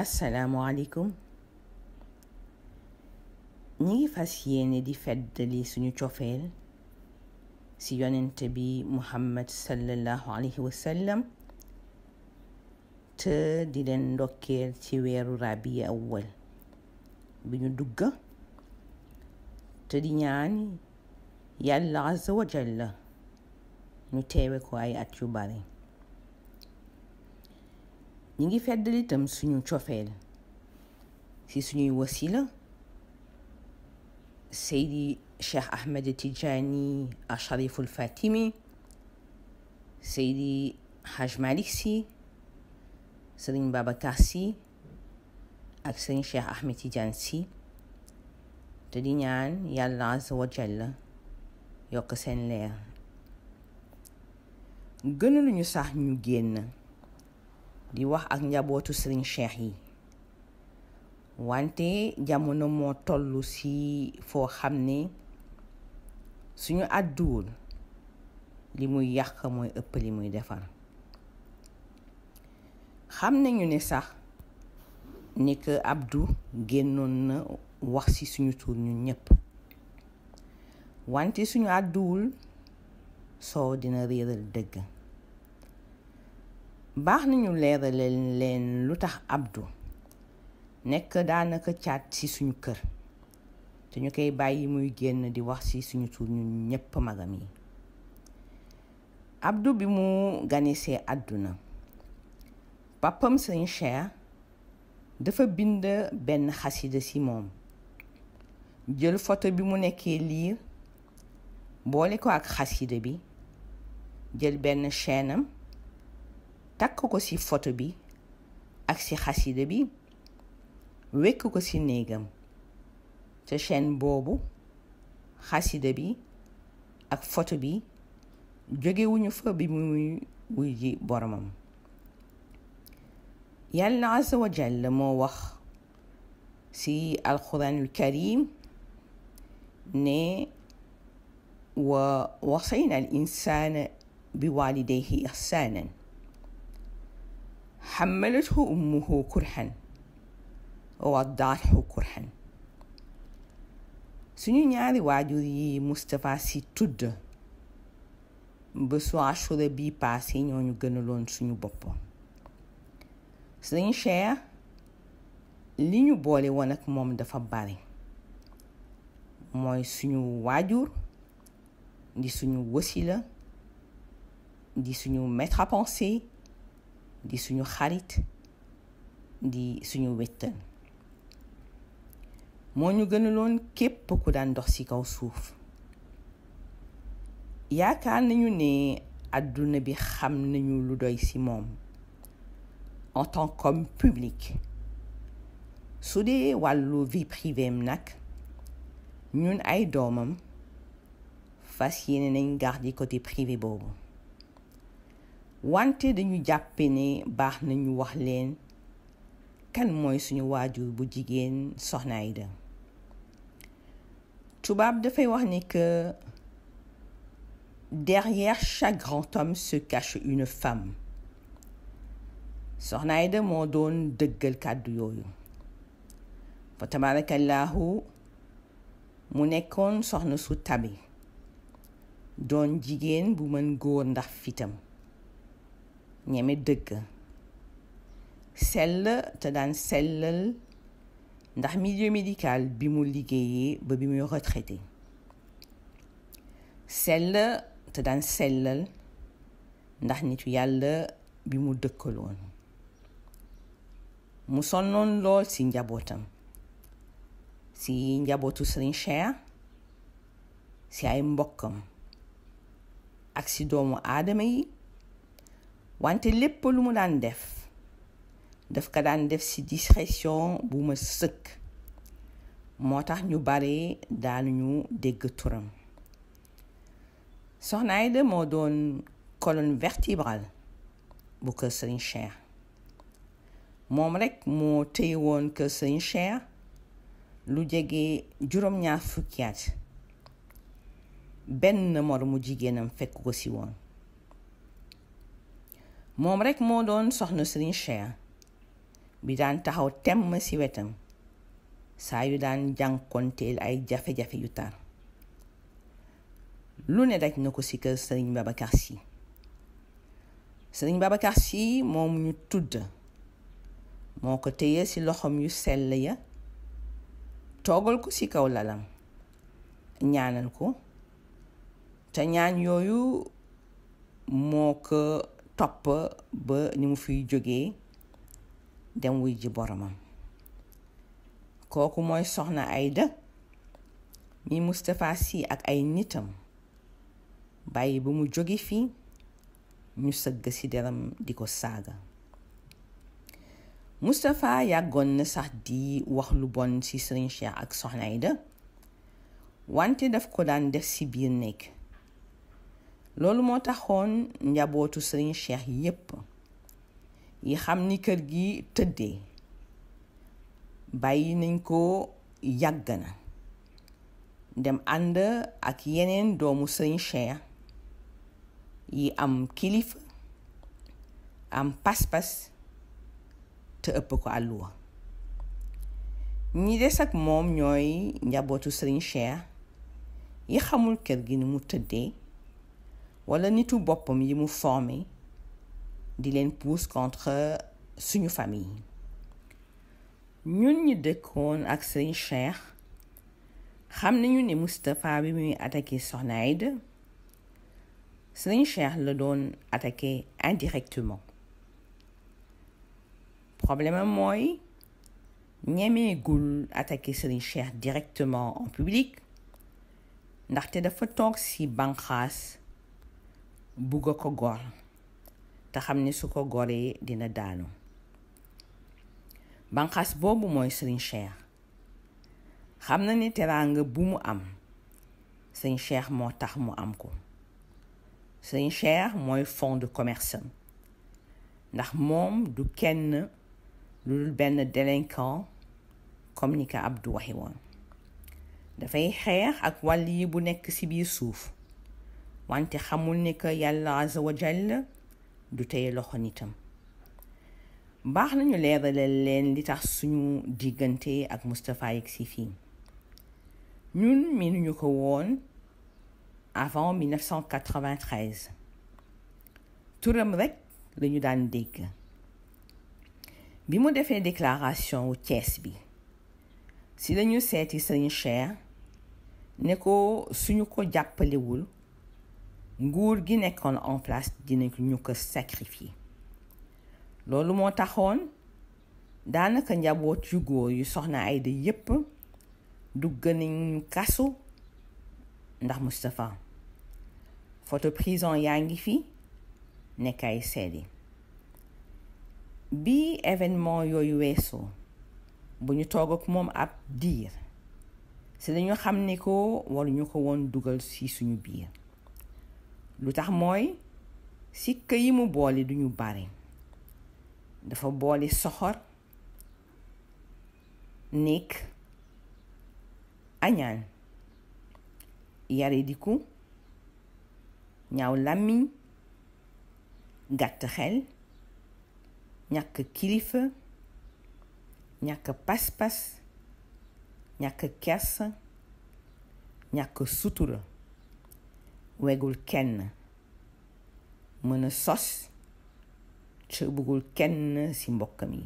asalaamualeykum ñi ngi fas yéene di feddali suñu cofeel ci yonent bi muhammad sallallahu alayhi wa te di leen ndokkeel ci weeru rabiya awwal bi ñu dugga te di ñaan yàlla azza wa jalla ñu teewe ko ay at yu bari ñi ngi feddali itam suñu cofeel ci suñuy wasila seydi cheikh ahmed tijaani ashariful fatimi seydi haj malik si sëriñ babacar si ak sëriñ cheikh ahmed tidiane si te di ñaan yàlla azza wa yokk seen leer gënaluñu sax ñu génna di wax ak njabootu sëriñ Cheikh yi wante jamono moo tollu ci foo xam ne suñu àdduwul li muy yàq mooy ëpp li muy defar xam nañu ne sax ni abdu génnoon na wax ci suñu tur ñun ñépp wante suñu àdduwul soo dina réeral dëgg baax nañu leerale leen lu tax Abdou nekk daanaka caat ci suñu kër te ñu koy bàyyi muy génn di wax ci suñu tur ñun ñépp magam yi Abdou bi mu ganisee àdduna papam sëñ Cheikh dafa bind benn xasida ci moom jël photo bi mu nekkee liir boole ko ak xasida bi jël benn chaîne takk ko ci photo bi ak ci xasida bi wekk ko ci néegam ca chaîne boobu xasida bi ak photo bi wuñu fa bi muy wuy ji boromam yàlla azza wa jalla moo wax ci alquranul karim ne wa wasayna al insana bi walidayhi حملته أمه كرحا ووضعته كرحا سنو نياري واجو دي مصطفى سي تود بسو عشو دي بي باسي نيونيو جنلون سنين بابا سنين شايا لينيو بولي وانك موم دفا باري موي سنو واجور دي سنو وسيلة دي سنو متر ا di suñu xarit di suñu wéttal moo ñu gënaloon képp ku daan dox ci kaw suuf yaakaar nañu ne àdduna bi xam nañu lu doy ci moom en tant qu'homme public su dee wàllu vie privéem nag ñun ay doomam fas yéene nañ garder côté privé boobu wante dañu jàppe ni baax nañu wax leen kan mooy suñu waajur bu jigéen Soxna Aida tubaab dafay wax ni que derrière chaque grand homme se cache une femme Soxna Aida moo doon dëggal kàddu yooyu fa tabarakallahu mu nekkoon soxna su tabi doon jigéen bu mën góor ndax fitam ñeme dëgg sell te daan sellal ndax milieu médical bi mu liggéeyee ba bi muy retraité sell te daan sellal ndax nitu yàlla bi mu dëkkaloon mu sonnoon lool ci njabootam ci njabootu Serigne Cheikh ci ay mbokkam ak ci doomu aadama yi wante lépp lu mu daan def daf ko daan def ci discrétion bu ma sëkk moo tax ñu bare daanuñu dégg turam Soxna Aida moo doon colonne vertébrale bu kër Sëriñ Cheikh moom rekk moo téye woon kër Sëriñ Cheikh lu jege juróom-ñaar fukki at benn moromu jigéenam fekk ko ci woon moom rek moo doon soxna Serigne Cheikh bi daan taxaw temm ci wetam saa yu daan jànkonteel ay jafe-jafe yu tar lu ne daj na ko ci kër Serigne Babacar si Serigne Babacar si moom ñu tudd moo ko ci loxom yu sell ya toogal ko ci kaw lalam ñaanal ko te ñaan yooyu moo topp ba ni mu fiy jógee dem wuy ji boromam kooku mooy soxna Ayda mi Moustapha Sy ak ay nitam bàyyi ba mu jóge fi ñu sëgg ci deram di ko saaga Moustapha yàggoon na sax di wax lu bon ci Serigne Cheikh ak soxna Ayda wante daf ko daan def ci biir nekk loolu moo taxoon njabootu sëriñ Cheikh yépp yi xam ni kër gi tëddee bàyyi nañ ko yàgg dem ànd ak yeneen doomu sëriñ Cheikh yi am kilifa am pas-pas te ëpp ko àlluwa ñi des ak moom ñooy njabootu sëriñ Cheikh yi xamul kër gi ni mu tëddee wala nitu boppam yi mu formé di leen pousse contre suñu famille ñun ñi dëkkoon ak sëñ Cheikh xam nañu ne Moustapha bi muy attaqué Soxna Aïda Cheikh la doon attaqué indirectement problème am mooy ñemeegul attaqué sëñ Cheikh directement en public ndaxte dafa toog si banqaas bugg ko gor te xam ni su ko goree dina daanu banqaas boobu mooy sëriñ Cheikh xam na ni teraanga bu mu am sëriñ Cheikh moo tax mu am ko sëriñ Cheikh mooy fond de commerce ndax moom du kenn lu dul benn délinquant comme ni ko Abdou waxe woon dafay xeex ak wàll yi bu nekk ci biir suuf wante xamul ni que yàlla azza wa jalla du tey loxo nitam baax nañu leeralal leen li tax suñu diggante ak Moustapha yegg si fii ñun miinuñu ko woon avant 1993 turam rek lañu daan dégg bi mu defee déclaration wu cees bi si lañu seeti Serigne Cheikh ne ko suñu ko jàppalewul nguur gi nekkoon en place dinañ ñu ko sacrifier loolu moo taxoon daanaka njaboot yu góor yu soxna Ayda yépp dugg nañ kasu ndax Moustapha photo prison yaa ngi fi nekk ay bi événement yooyu weesoo bu ñu toog ak moom ab diir si dañu xam ni ko waruñu ko woon dugal ci suñu biir lu tax mooy sikk yi mu boole duñu bare dafa boole soxor nekk añaan yare diku ñaaw làmmiñ gàtt xel ñàkk kilifa ñàkk pas-pas ñàkk kersa ñàkk sutura wegul kenn mën sos ca bëggul kenn ci mbokkam yi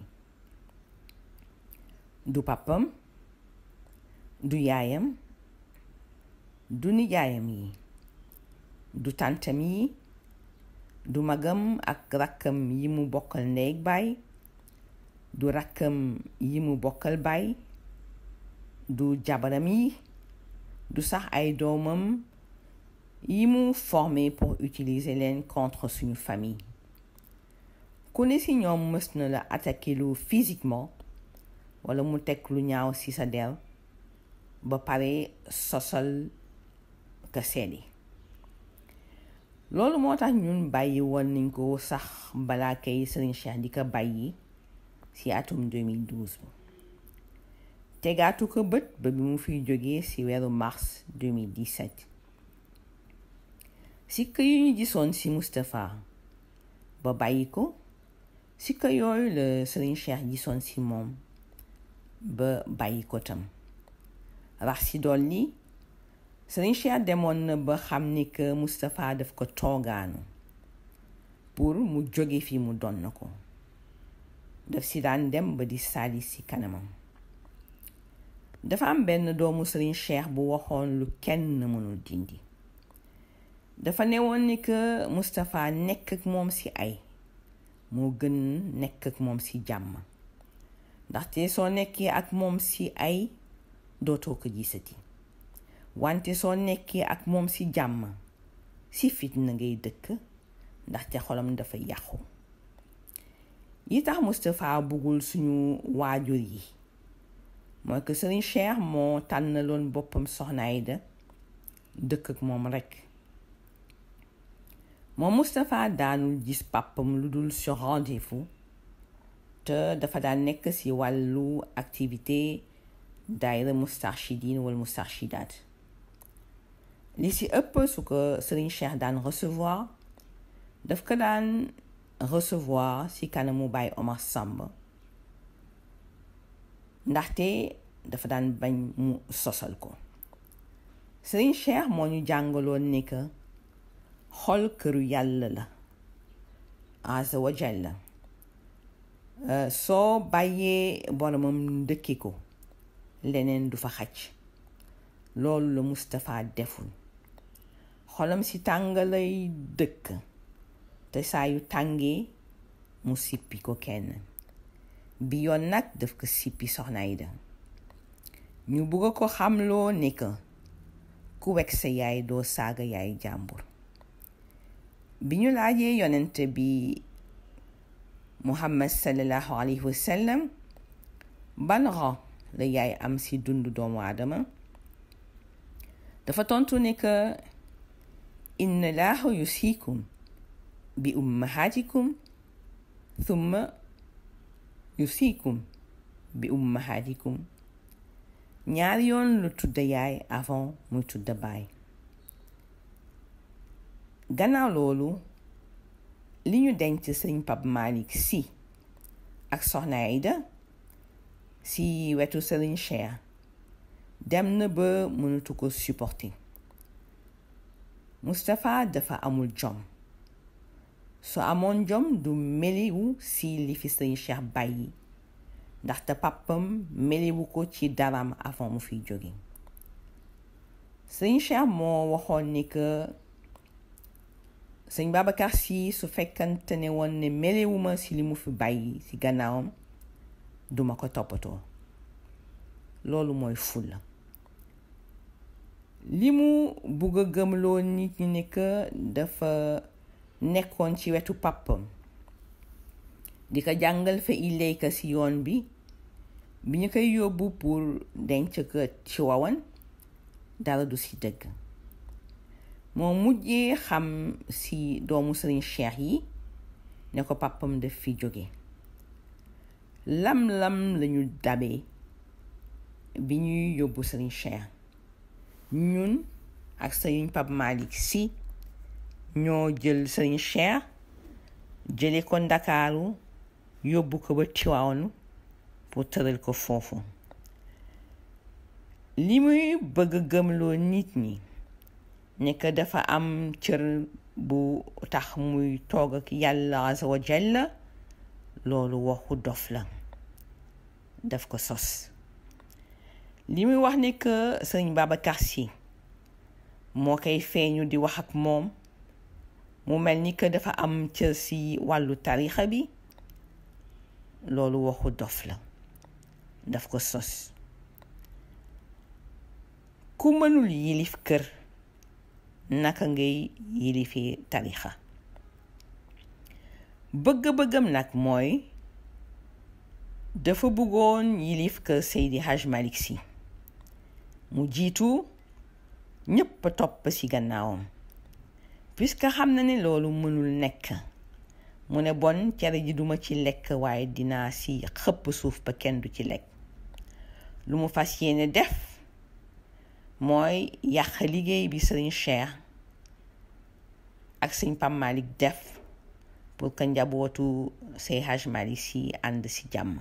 du pàppam du yaayam du nijaayam yi du tàntam yi du magam ak rakkam yi mu bokkal ndey ak du rakkam yi mu bokkal baay du jabaram yi du sax ay doomam yi mu formé pour utiliser leen contre suñu famille ku ne ci ñoom mës na la attaqué lu physiquement wala mu teg lu ñaaw ci sa der ba pare sosal ka seede loolu moo tax ñun bàyyi woon nañ ko sax balaa kay Serigne Cheikh di ko bàyyi ci atum 2012 tegaatu ko bët ba bi mu fiy jógee ci weeru mars 2017 sikka yu ñu gisoon ci Moustapha ba bàyyi ko sikka yooyu la Serigne Cheikh gisoon ci moom ba bàyyi ko tam rax ci dolli Serigne Cheikh demoon na ba xam ni que Moustapha daf ko toogaanu pour mu jóge fi mu doon na ko daf ci daan dem ba di saali ci kanamam dafa am benn doomu sëriñ Cheikh bu waxoon lu kenn mënul dindi dafa newoon ni que Moustapha nekk ak moom ci ay moo gën nekk ak moom ci jàmm ndaxte soo nekkee ak moom ci ay dootoo ko gisati wante soo nekkee ak moom ci jàmm ci fitna ngay dëkk ndaxte xolam dafa yàqu yi tax Moustapha bëggul suñu waajur yi mooy que Serigne Cheikh moo tànnaloon boppam Soxna Aida dëkk ak moom rekk moom Moustapha daanul gis pàppam lu dul sur rendez te dafa daan nekk ci wàllu activité daayira Moustarchidine wala Moustarchidaat li ci ëpp su ko Serigne Cheikh daan recevoir daf ko daan recevoir ci kanamu Baye Omar Samb ndaxte dafa daan bañ mu sosal ko Serigne Cheikh moo ñu jàngaloon ne xol këru yàlla la azza wa jalla euh, soo bàyyee boromam ndëkki ko leneen du fa xaj loolu la mustafa deful xolam si tàngalay dëkk te saayu yu tàngee mu sippi ko kenn bi yoon nag daf ko sippi Soxna ñu bugga ko xamloo ne ku wekk sa yaay doo saaga yaay jàmbur Binu al-Adi yonente bi Muhammad sallallahu alayhi wa sallam ban rang la yaay am si dundu doomu aadama dafa tontu ne que inna laahu yusikum bi ummahatikum thumma yusikum bi ummahatikum ñaari yoon lu tudda yaay avant muy tudda baay gannaaw loolu li ñu denc sëñ Pape Malick Sy ak Soxna Aïda si wetu Serigne Cheikh dem na ba mënatu ko supporter Moustapha dafa amul jom su amoon jom du meliwu si li fi Serigne Cheikh bàyyi ndaxte pàppam meliwu ko ci daram avant mu fiy jóge Serigne Cheikh moo waxoon ni que sëñ Babacar si su fekkante ne woon ne melewuma ci li mu fi bàyyi si gannaawam duma ko toppatoo loolu mooy fulla li mu bugg a gëmloo nit ñi ne dafa nekkoon ci wetu pàppam di ko jàngal fa ilayka ci yoon bi bi ñu koy yóbbu pour denc ko ci wawan dara du si dëgg Mwen mwou dje kham si do mwou serin cher hi, neko pap pwem defi djogue. Lam lam le nyou dabe, binu yobou serin cher. Nyoun, ak se yon pap malik si, nyon djel serin cher, djel e kondak alou, yobou kebe tiwa anou, pou teril ko fon fon. Limu baga gem lou nitni, nekk dafa am cër bu tax muy toog ak yàlla azza wa loolu waxu dof la daf ko sos li muy wax ni que sëñ Babacar moo koy feeñu di wax ak moom mu mel ni que dafa am cër ci wàllu tarixa bi loolu waxu dof la daf ko sos ku mënul yilif kër naka ngay yilifee tarixa bëgg-bëggam nag mooy dafa bëggoon yilif kër Seydi Haj Malik Si mu jiitu ñépp topp ci gannaawam puisque xam na ne loolu mënul nekk mu ne bon cere ji duma ci lekk waaye dinaa si xëpp suuf ba kenn du ci lekk lu mu fas yéene def mooy yàq liggéey bi Serigne Cheikh ak Serigne Pape def pour que njabootu Sey Hadj Malick si ànd si jàmm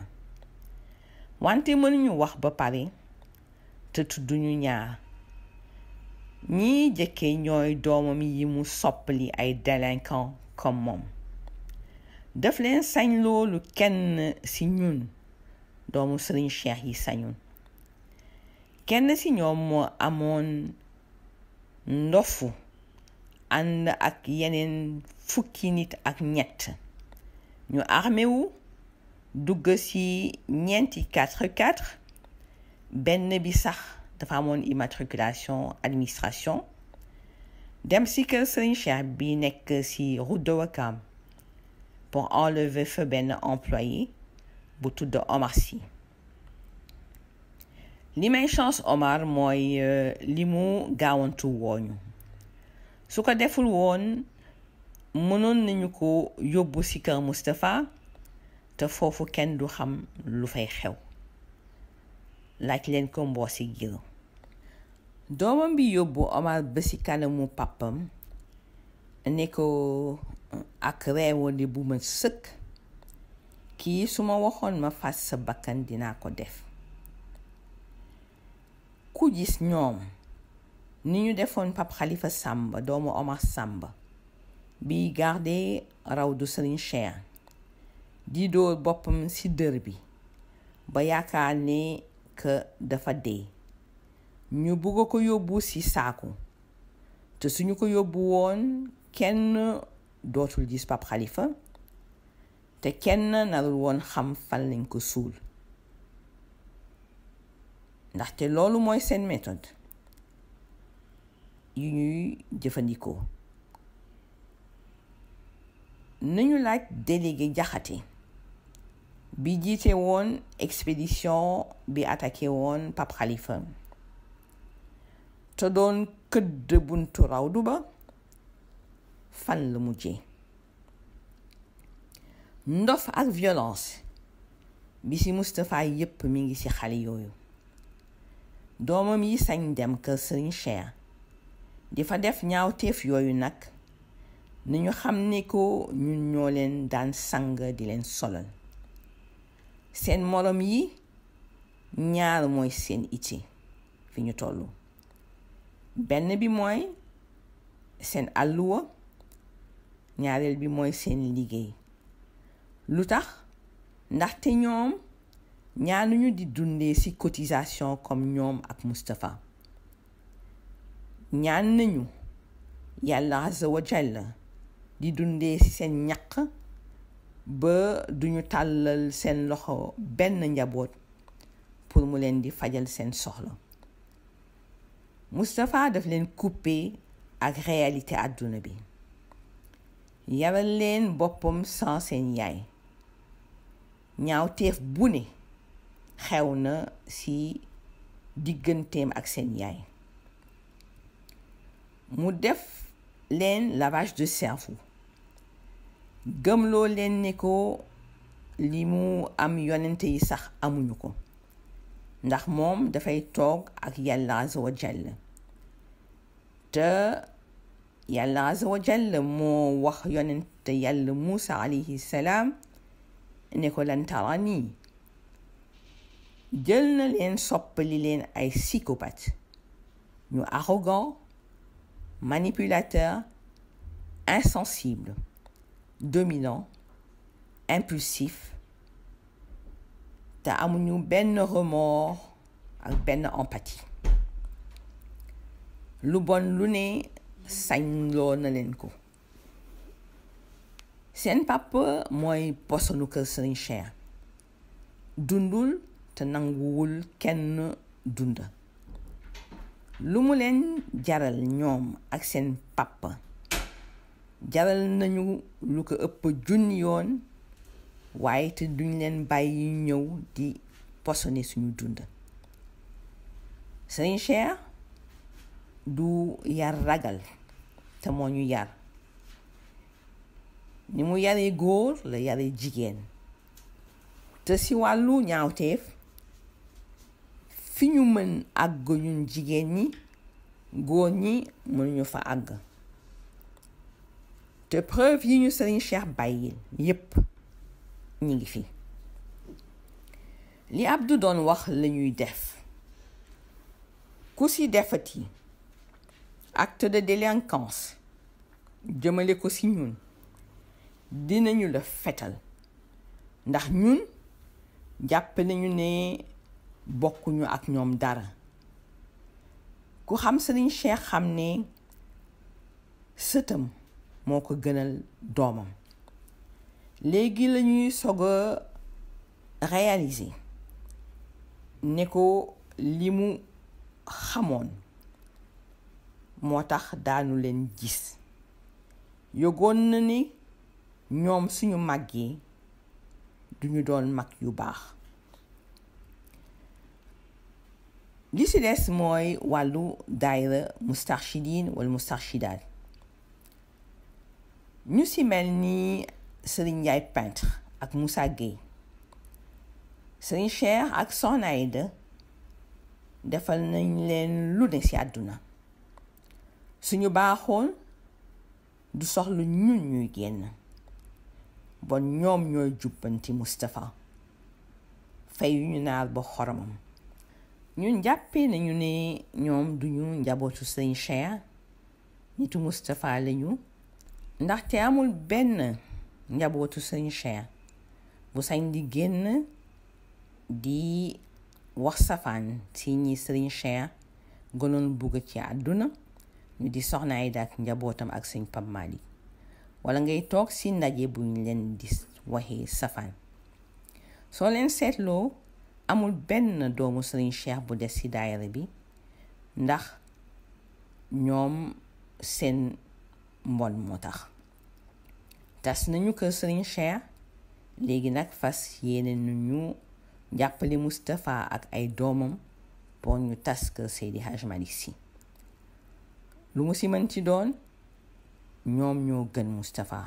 wante mënuñu wax ba pare te tudduñu ñaar ñii jëkkee ñooy doomam yi mu soppali ay délinquant comme moom daf leen sañ loolu kenn si ñun doomu sëriñ Cheikh yi sañul kenn ci ñoom moo amoon ndofu ànd ak yeneen fukki nit ak ñett ñu armé dugg ci ñeenti 4 x benn bi sax dafa amoon immatriculation administration dem ci kër Serigne Cheikh bi nekk ci route de Ouakam pour enlever fa benn employé bu tudd Omar li may chance Omar mooy euh, li mu gaawantu wooñu su ko deful woon mënoon nañu ko yóbbu ci kër Moustapha te foofu kenn du xam lu fay xew laaj leen ko mboo si doomam bi yóbbu Omar ba ci kanamu pàppam ne ko ak reewande bu ma sëkk kii su ma waxoon ma fas sa bàkkan dinaa ko def ku gis ñoom ni ñu defoon Pape xalifa sàmba doomu Omar sàmba bi garde rawdu Serigne Cheikh di dóor boppam ci dër bi ba yaakaar ne que dafa dee ñu bugg ko yóbbu ci saaku te suñu ko yóbbu woon kenn dootul gis Pape xalifa te kenn narul woon xam fan lañ ko suul ndaxte loolu mooy seen méthode yu ñuy jëfandikoo nañu laaj délégué jaxate bi jiite woon expédition bi attaqué woon Pape Khalifa te doon këdd buntu rawdu ba fan la mujjee ndof ak violence bi ci Moustapha yépp mi ngi ci xale yooyu doomam yi sañ dem kër sëriñ Cheikh di fa def ñaawteef yooyu nag nañu xam ni ko ñun ñoo leen daan sang di leen solal seen moroom yi ñaar mooy seen itti fi ñu tollu benn bi mooy seen àlluwa ñaareel bi mooy seen liggéey lu tax ndaxte ñoom ñaanuñu di dundee ci cotisation comme ñoom ak Moustapha ñaan nañu yàlla azza wa di dundee ci seen ñaq ba duñu tàllal seen loxo benn njaboot pour mu leen di fajal seen soxla Moustapha daf leen coupé ak réalité àdduna bi yaral leen boppam sans seen yaay ñaaw teef bu ne xew na ci digganteem ak seen yaay mu def leen lavage de cerveau gëmloo leen ne ko li mu am yonente yi sax amuñu ko ndax moom dafay toog ak yàlla azza wa jalla te yàlla azza wa jalla moo wax yonente yàlla Muusa alayhi salaam ne ko lan tarani jël na leen soppali leen ay psychopathe ñu arrogant manipulateur insensible dominant impulsif te amuñu benn remords ak benn empathie lu bon lu ne sañloo na leen ko seen papa mooy posonu kër Serigne Cheikh dundul te nanguwul kenn dunda lu mu leen jaral ñoom ak seen papa jaral nañu lu ko ëpp junni yoon waaye te duñ leen bàyyi ñëw di posone suñu dund Sëriñ Cheikh du yar ragal te moo ñu yar ni mu yare góor la yare jigéen te si wàllu ñaawteef fi ñu mën àgg ñun jigéen ñi góor ñi mënuñu fa àgg te preuve yi ñu sëriñ Cheikh bàyyil yépp ñi ngi fi li Abdou doon wax lañuy def ku si defati acte de délinquance jëmale ko si ñun dinañu la fetal ndax ñun jàpp nañu ne Bok kounyo ak nyonm dara. Kou hamselin chen khamne, setem moun ke genel doman. Legi leni soge realize, neko li moun khamon, mwotak danou len jis. Yon konneni, nyonm sinyo magye, douni don mak yu bakh. li si des mooy wàllu daayira mustarchidin wala mustarchidaat ñu si mel ni Serigne Ndiaye peintre ak Moussa Gueye Serigne Cheikh ak Soxna Aida defal nañ leen lu ne ci àdduna suñu baaxoon du soxlu ñun ñuy génn bon ñoom ñooy jubbanti Moustapha fay yu ñu naar ba xoromam ñu jàppee nañu ne ñoom duñu njabootu sëñ Cheikh nitu Moustapha lañu ndaxte amul benn njabootu sëñ Cheikh bu sañ di génn di wax safaan si ñi sëñ Cheikh gënoon bugg ci àdduna ñu di soxna ay daak njabootam ak sëñ Pape Malick wala ngay toog ci ndaje buñ leen di waxee safaan soo leen seetloo amul benn doomu Serigne Cheikh bu des ci daayira bi ndax ñoom seen mbon moo tax tas nañu kër Serigne Cheikh léegi nag fas yéene nu ñu jàppale Moustapha ak ay doomam pour ñu tas kër Seydi Hadj Malick Sy lu mu si mën ci doon ñoom ñoo gën Moustapha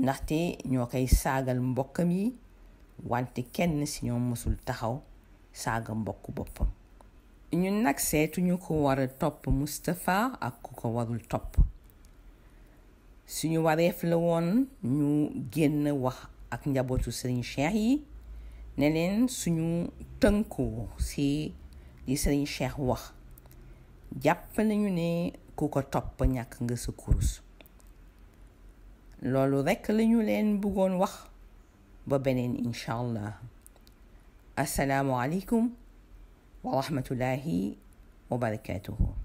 ndaxte ñoo koy saagal mbokkam yi wante kenn si ñoom mësul taxaw saaga mbokk boppam ñun nag seetuñu ko war a topp Moustapha ak ku ko warul topp suñu wareef la woon ñu génn wax ak njabootu Serigne Cheikh yi ne leen suñu tënkoo si li Serigne Cheikh wax jàpp nañu ne ku ko topp ñàkk nga sa kurus loolu rekk lañu leen bëggoon wax وبنين إن شاء الله السلام عليكم ورحمة الله وبركاته